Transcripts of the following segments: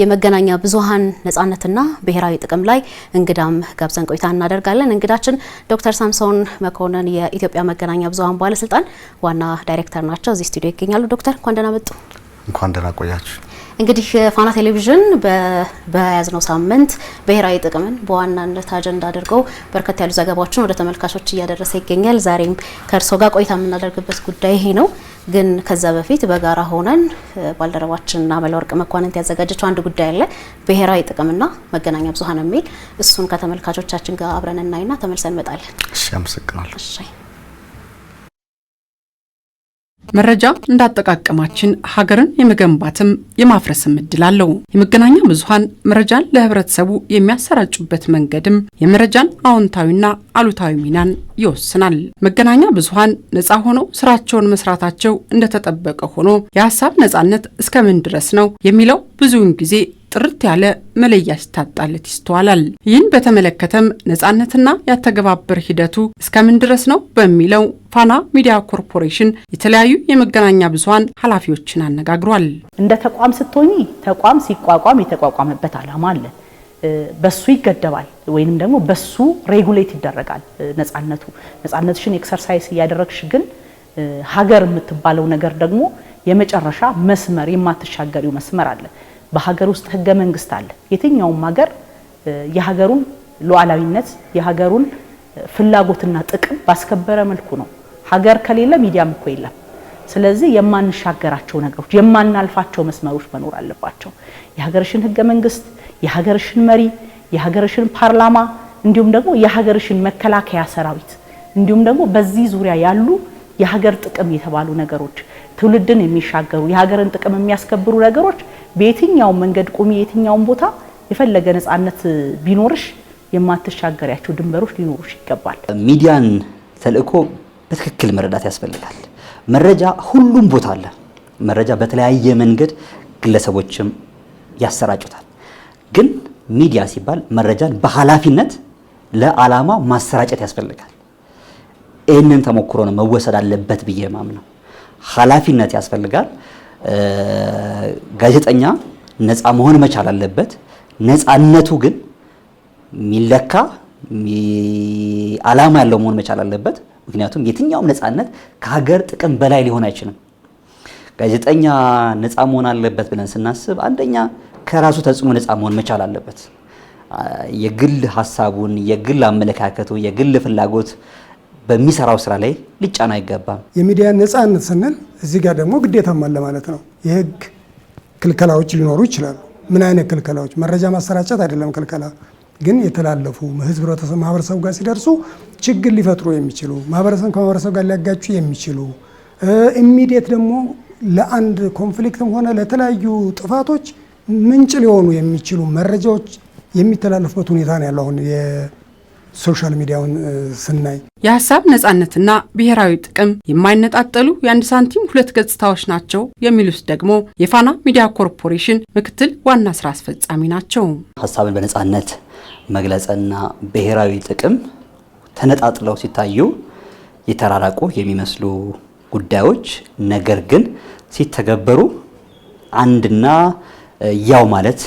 የመገናኛ ብዙሃን ነጻነትና ብሔራዊ ጥቅም ላይ እንግዳም ጋብዘን ቆይታ እናደርጋለን። እንግዳችን ዶክተር ሳምሶን መኮንን የኢትዮጵያ መገናኛ ብዙሃን ባለስልጣን ዋና ዳይሬክተር ናቸው። እዚህ ስቱዲዮ ይገኛሉ። ዶክተር እንኳን ደህና መጡ። እንኳን ደህና ቆያችሁ። እንግዲህ ፋና ቴሌቪዥን በያዝነው ሳምንት ብሔራዊ ጥቅምን በዋናነት አጀንዳ አድርገው በርከት ያሉ ዘገባዎችን ወደ ተመልካቾች እያደረሰ ይገኛል። ዛሬም ከእርሶ ጋር ቆይታ የምናደርግበት ጉዳይ ይሄ ነው። ግን ከዛ በፊት በጋራ ሆነን ባልደረባችንና መለወርቅ መኳንንት ያዘጋጀችው አንድ ጉዳይ አለ፣ ብሔራዊ ጥቅምና መገናኛ ብዙኃን የሚል እሱን ከተመልካቾቻችን ጋር አብረን እናይና ተመልሰን እንመጣለን። እሺ፣ አመሰግናለሁ። መረጃ እንዳጠቃቀማችን ሀገርን የመገንባትም የማፍረስም እድል አለው። የመገናኛ ብዙሃን መረጃን ለህብረተሰቡ የሚያሰራጩበት መንገድም የመረጃን አዎንታዊና አሉታዊ ሚናን ይወስናል። መገናኛ ብዙኃን ነጻ ሆነው ስራቸውን መስራታቸው እንደተጠበቀ ሆኖ የሀሳብ ነጻነት እስከምን ድረስ ነው የሚለው ብዙውን ጊዜ ጥርት ያለ መለያ ሲታጣለት ይስተዋላል። ይህን በተመለከተም ነፃነትና ያተገባበር ሂደቱ እስከምን ድረስ ነው በሚለው ፋና ሚዲያ ኮርፖሬሽን የተለያዩ የመገናኛ ብዙሀን ኃላፊዎችን አነጋግሯል። እንደ ተቋም ስትሆኚ ተቋም ሲቋቋም የተቋቋመበት ዓላማ አለ። በሱ ይገደባል ወይንም ደግሞ በሱ ሬጉሌት ይደረጋል ነፃነቱ። ነጻነትሽን ኤክሰርሳይስ እያደረግሽ ግን ሀገር የምትባለው ነገር ደግሞ የመጨረሻ መስመር የማትሻገሪው መስመር አለ። በሀገር ውስጥ ህገ መንግስት አለ። የትኛውም ሀገር የሀገሩን ሉዓላዊነት የሀገሩን ፍላጎትና ጥቅም ባስከበረ መልኩ ነው። ሀገር ከሌለ ሚዲያም እኮ የለም። ስለዚህ የማንሻገራቸው ነገሮች የማናልፋቸው መስመሮች መኖር አለባቸው። የሀገርሽን ህገ መንግስት፣ የሀገርሽን መሪ፣ የሀገርሽን ፓርላማ እንዲሁም ደግሞ የሀገርሽን መከላከያ ሰራዊት እንዲሁም ደግሞ በዚህ ዙሪያ ያሉ የሀገር ጥቅም የተባሉ ነገሮች ትውልድን የሚሻገሩ የሀገርን ጥቅም የሚያስከብሩ ነገሮች በየትኛውም መንገድ ቁሚ፣ የትኛውም ቦታ የፈለገ ነፃነት ቢኖርሽ የማትሻገሪያቸው ድንበሮች ሊኖሩሽ ይገባል። ሚዲያን ተልእኮ በትክክል መረዳት ያስፈልጋል። መረጃ ሁሉም ቦታ አለ። መረጃ በተለያየ መንገድ ግለሰቦችም ያሰራጩታል። ግን ሚዲያ ሲባል መረጃን በኃላፊነት ለዓላማ ማሰራጨት ያስፈልጋል። ይህንን ተሞክሮ ነው መወሰድ አለበት ብዬ ማምነው። ኃላፊነት ያስፈልጋል። ጋዜጠኛ ነፃ መሆን መቻል አለበት። ነፃነቱ ግን የሚለካ አላማ ያለው መሆን መቻል አለበት። ምክንያቱም የትኛውም ነፃነት ከሀገር ጥቅም በላይ ሊሆን አይችልም። ጋዜጠኛ ነፃ መሆን አለበት ብለን ስናስብ አንደኛ ከራሱ ተጽዕኖ ነፃ መሆን መቻል አለበት። የግል ሀሳቡን፣ የግል አመለካከቱ፣ የግል ፍላጎት በሚሰራው ስራ ላይ ሊጫና አይገባም። የሚዲያ ነፃነት ስንል እዚህ ጋር ደግሞ ግዴታም አለ ማለት ነው። የህግ ክልከላዎች ሊኖሩ ይችላሉ። ምን አይነት ክልከላዎች? መረጃ ማሰራጨት አይደለም ክልከላ፣ ግን የተላለፉ ህብረተሰብ ማህበረሰቡ ጋር ሲደርሱ ችግር ሊፈጥሩ የሚችሉ ማህበረሰብ ከማህበረሰብ ጋር ሊያጋጩ የሚችሉ ኢሚዲየት ደግሞ ለአንድ ኮንፍሊክትም ሆነ ለተለያዩ ጥፋቶች ምንጭ ሊሆኑ የሚችሉ መረጃዎች የሚተላለፉበት ሁኔታ ነው ያለው አሁን ሶሻል ሚዲያውን ስናይ የሀሳብ ነጻነትና ብሔራዊ ጥቅም የማይነጣጠሉ የአንድ ሳንቲም ሁለት ገጽታዎች ናቸው የሚሉት ደግሞ የፋና ሚዲያ ኮርፖሬሽን ምክትል ዋና ስራ አስፈጻሚ ናቸው። ሀሳብን በነጻነት መግለጽና ብሔራዊ ጥቅም ተነጣጥለው ሲታዩ የተራራቁ የሚመስሉ ጉዳዮች ነገር ግን ሲተገበሩ አንድና ያው ማለት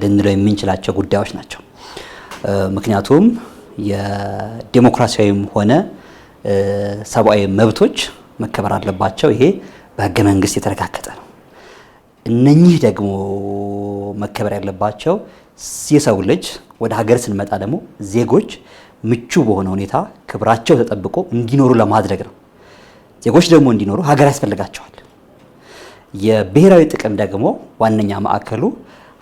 ልንለው የምንችላቸው ጉዳዮች ናቸው። ምክንያቱም የዴሞክራሲያዊም ሆነ ሰብአዊ መብቶች መከበር አለባቸው። ይሄ በህገ መንግስት የተረጋገጠ ነው። እነኚህ ደግሞ መከበር ያለባቸው የሰው ልጅ ወደ ሀገር ስንመጣ ደግሞ ዜጎች ምቹ በሆነ ሁኔታ ክብራቸው ተጠብቆ እንዲኖሩ ለማድረግ ነው። ዜጎች ደግሞ እንዲኖሩ ሀገር ያስፈልጋቸዋል። የብሔራዊ ጥቅም ደግሞ ዋነኛ ማዕከሉ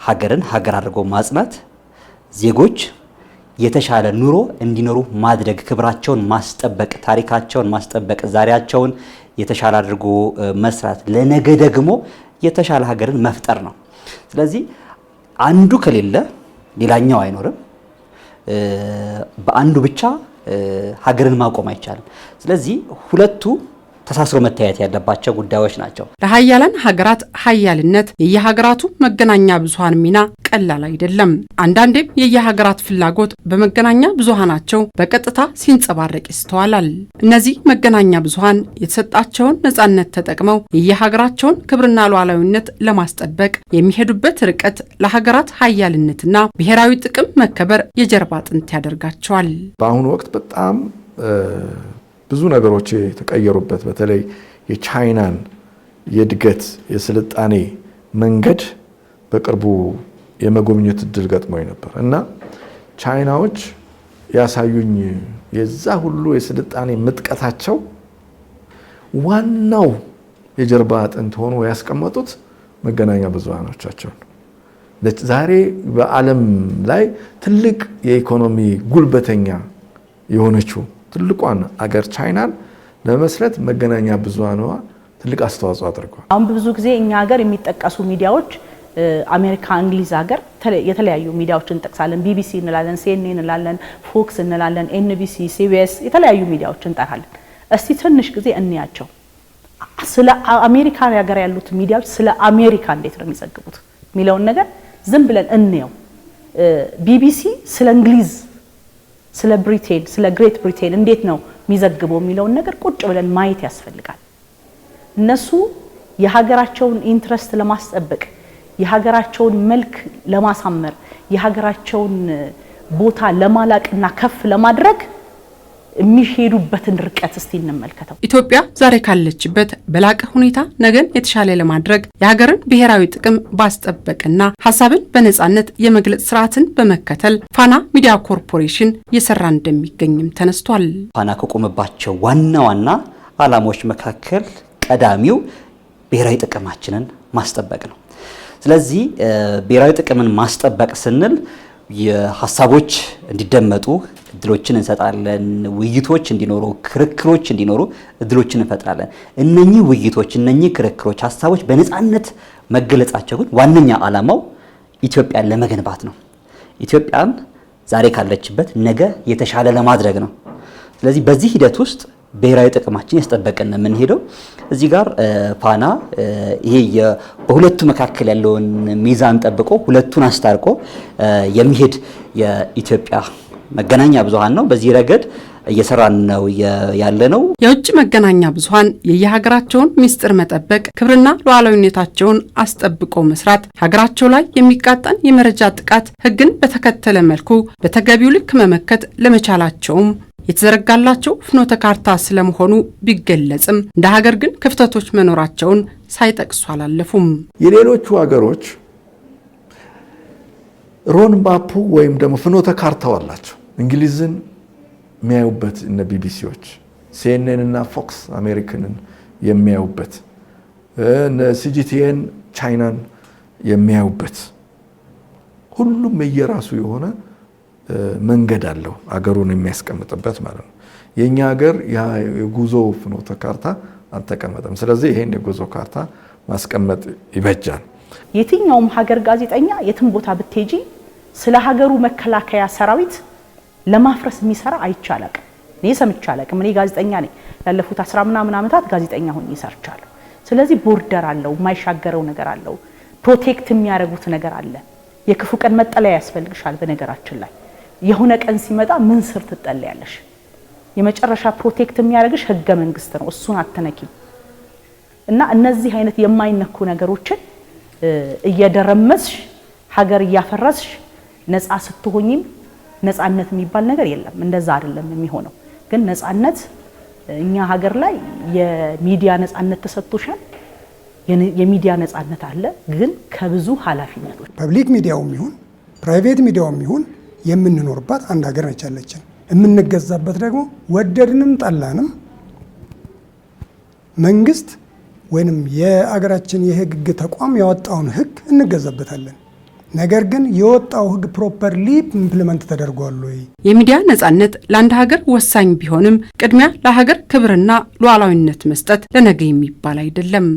ሀገርን ሀገር አድርጎ ማጽናት ዜጎች የተሻለ ኑሮ እንዲኖሩ ማድረግ፣ ክብራቸውን ማስጠበቅ፣ ታሪካቸውን ማስጠበቅ፣ ዛሬያቸውን የተሻለ አድርጎ መስራት፣ ለነገ ደግሞ የተሻለ ሀገርን መፍጠር ነው። ስለዚህ አንዱ ከሌለ ሌላኛው አይኖርም። በአንዱ ብቻ ሀገርን ማቆም አይቻልም። ስለዚህ ሁለቱ ተሳስሮ መታየት ያለባቸው ጉዳዮች ናቸው። ለሀያላን ሀገራት ሀያልነት የየሀገራቱ መገናኛ ብዙሀን ሚና ቀላል አይደለም። አንዳንዴም የየሀገራት ፍላጎት በመገናኛ ብዙሀናቸው በቀጥታ ሲንጸባረቅ ይስተዋላል። እነዚህ መገናኛ ብዙሀን የተሰጣቸውን ነጻነት ተጠቅመው የየሀገራቸውን ክብርና ሉዓላዊነት ለማስጠበቅ የሚሄዱበት ርቀት ለሀገራት ሀያልነትና ብሔራዊ ጥቅም መከበር የጀርባ አጥንት ያደርጋቸዋል። በአሁኑ ወቅት በጣም ብዙ ነገሮች የተቀየሩበት በተለይ የቻይናን የእድገት የስልጣኔ መንገድ በቅርቡ የመጎብኘት እድል ገጥሞኝ ነበር እና ቻይናዎች ያሳዩኝ የዛ ሁሉ የስልጣኔ ምጥቀታቸው ዋናው የጀርባ አጥንት ሆኖ ያስቀመጡት መገናኛ ብዙሃኖቻቸውን ዛሬ በዓለም ላይ ትልቅ የኢኮኖሚ ጉልበተኛ የሆነችው ትልቋን አገር ቻይናን ለመስረት መገናኛ ብዙሃኗ ትልቅ አስተዋጽኦ አድርጓል። አሁን ብዙ ጊዜ እኛ ሀገር የሚጠቀሱ ሚዲያዎች አሜሪካ፣ እንግሊዝ ሀገር የተለያዩ ሚዲያዎች እንጠቅሳለን። ቢቢሲ እንላለን፣ ሲኤንኤ እንላለን፣ ፎክስ እንላለን፣ ኤንቢሲ፣ ሲቢኤስ የተለያዩ ሚዲያዎች እንጠራለን። እስቲ ትንሽ ጊዜ እንያቸው። ስለ አሜሪካ ሀገር ያሉት ሚዲያዎች ስለ አሜሪካ እንዴት ነው የሚዘግቡት የሚለውን ነገር ዝም ብለን እንየው። ቢቢሲ ስለ እንግሊዝ ስለ ብሪቴን ስለ ግሬት ብሪቴን እንዴት ነው የሚዘግበው የሚለውን ነገር ቁጭ ብለን ማየት ያስፈልጋል። እነሱ የሀገራቸውን ኢንትረስት ለማስጠበቅ የሀገራቸውን መልክ ለማሳመር የሀገራቸውን ቦታ ለማላቅና ከፍ ለማድረግ የሚሄዱበትን ርቀት እስቲ እንመልከተው። ኢትዮጵያ ዛሬ ካለችበት በላቀ ሁኔታ ነገን የተሻለ ለማድረግ የሀገርን ብሔራዊ ጥቅም ባስጠበቅና ሀሳብን በነጻነት የመግለጽ ስርዓትን በመከተል ፋና ሚዲያ ኮርፖሬሽን እየሰራ እንደሚገኝም ተነስቷል። ፋና ከቆመባቸው ዋና ዋና ዓላማዎች መካከል ቀዳሚው ብሔራዊ ጥቅማችንን ማስጠበቅ ነው። ስለዚህ ብሔራዊ ጥቅምን ማስጠበቅ ስንል የሀሳቦች እንዲደመጡ እድሎችን እንሰጣለን። ውይይቶች እንዲኖሩ፣ ክርክሮች እንዲኖሩ እድሎችን እንፈጥራለን። እነኚህ ውይይቶች፣ እነኚህ ክርክሮች፣ ሀሳቦች በነፃነት መገለጻቸው ግን ዋነኛ ዓላማው ኢትዮጵያን ለመገንባት ነው። ኢትዮጵያን ዛሬ ካለችበት ነገ የተሻለ ለማድረግ ነው። ስለዚህ በዚህ ሂደት ውስጥ ብሔራዊ ጥቅማችን ያስጠበቀን ነው የምንሄደው። እዚህ ጋር ፋና ይሄ በሁለቱ መካከል ያለውን ሚዛን ጠብቆ ሁለቱን አስታርቆ የሚሄድ የኢትዮጵያ መገናኛ ብዙሃን ነው። በዚህ ረገድ እየሰራን ነው ያለ ነው። የውጭ መገናኛ ብዙሃን የየሀገራቸውን ሚስጥር መጠበቅ፣ ክብርና ሉዓላዊነታቸውን አስጠብቆ መስራት፣ ሀገራቸው ላይ የሚቃጣን የመረጃ ጥቃት ህግን በተከተለ መልኩ በተገቢው ልክ መመከት ለመቻላቸውም የተዘረጋላቸው ፍኖተ ካርታ ስለመሆኑ ቢገለጽም እንደ ሀገር ግን ክፍተቶች መኖራቸውን ሳይጠቅሱ አላለፉም። የሌሎቹ ሀገሮች ሮድማፑ ወይም ደግሞ ፍኖተ ካርታው አላቸው እንግሊዝን የሚያዩበት እነ ቢቢሲዎች፣ ሲኤንኤን እና ፎክስ አሜሪካንን የሚያዩበት ሲጂቲኤን ቻይናን የሚያዩበት ሁሉም የየራሱ የሆነ መንገድ አለው አገሩን የሚያስቀምጥበት ማለት ነው። የእኛ ሀገር የጉዞ ፍኖተ ካርታ አልተቀመጠም። ስለዚህ ይሄን የጉዞ ካርታ ማስቀመጥ ይበጃል። የትኛውም ሀገር ጋዜጠኛ የትም ቦታ ብትሄጂ ስለ ሀገሩ መከላከያ ሰራዊት ለማፍረስ የሚሰራ አይቻለቅ እኔ ሰምቻለቅ እኔ ጋዜጠኛ ነኝ። ላለፉት አስራ ምናምን ዓመታት ጋዜጠኛ ሆኜ ሰርቻለሁ። ስለዚህ ቦርደር አለው፣ የማይሻገረው ነገር አለው፣ ፕሮቴክት የሚያደርጉት ነገር አለ። የክፉ ቀን መጠለያ ያስፈልግሻል። በነገራችን ላይ የሆነ ቀን ሲመጣ ምን ስር ትጠለያለሽ? የመጨረሻ ፕሮቴክት የሚያደርግሽ ህገ መንግስት ነው። እሱን አትነኪም። እና እነዚህ አይነት የማይነኩ ነገሮችን እየደረመስሽ ሀገር እያፈረስሽ ነፃ ስትሆኝም ነፃነት የሚባል ነገር የለም። እንደዛ አይደለም የሚሆነው። ግን ነፃነት እኛ ሀገር ላይ የሚዲያ ነፃነት ተሰጥቶሻል። የሚዲያ ነፃነት አለ፣ ግን ከብዙ ኃላፊነቶች ፐብሊክ ሚዲያውም ይሁን ፕራይቬት ሚዲያውም ይሁን የምንኖርባት አንድ ሀገር ነች ያለችን። የምንገዛበት ደግሞ ወደድንም ጠላንም መንግስት ወይንም የአገራችን የህግ ተቋም ያወጣውን ህግ እንገዛበታለን። ነገር ግን የወጣው ህግ ፕሮፐርሊ ኢምፕሊመንት ተደርጓል ወይ? የሚዲያ ነጻነት ለአንድ ሀገር ወሳኝ ቢሆንም ቅድሚያ ለሀገር ክብርና ሉዓላዊነት መስጠት ለነገ የሚባል አይደለም።